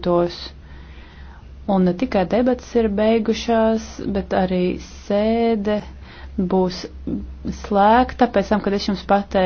tos. Un ne tikai debatas ir beigušās, bet arī sēde būs slēgta pēc tam, kad es jums pateicu.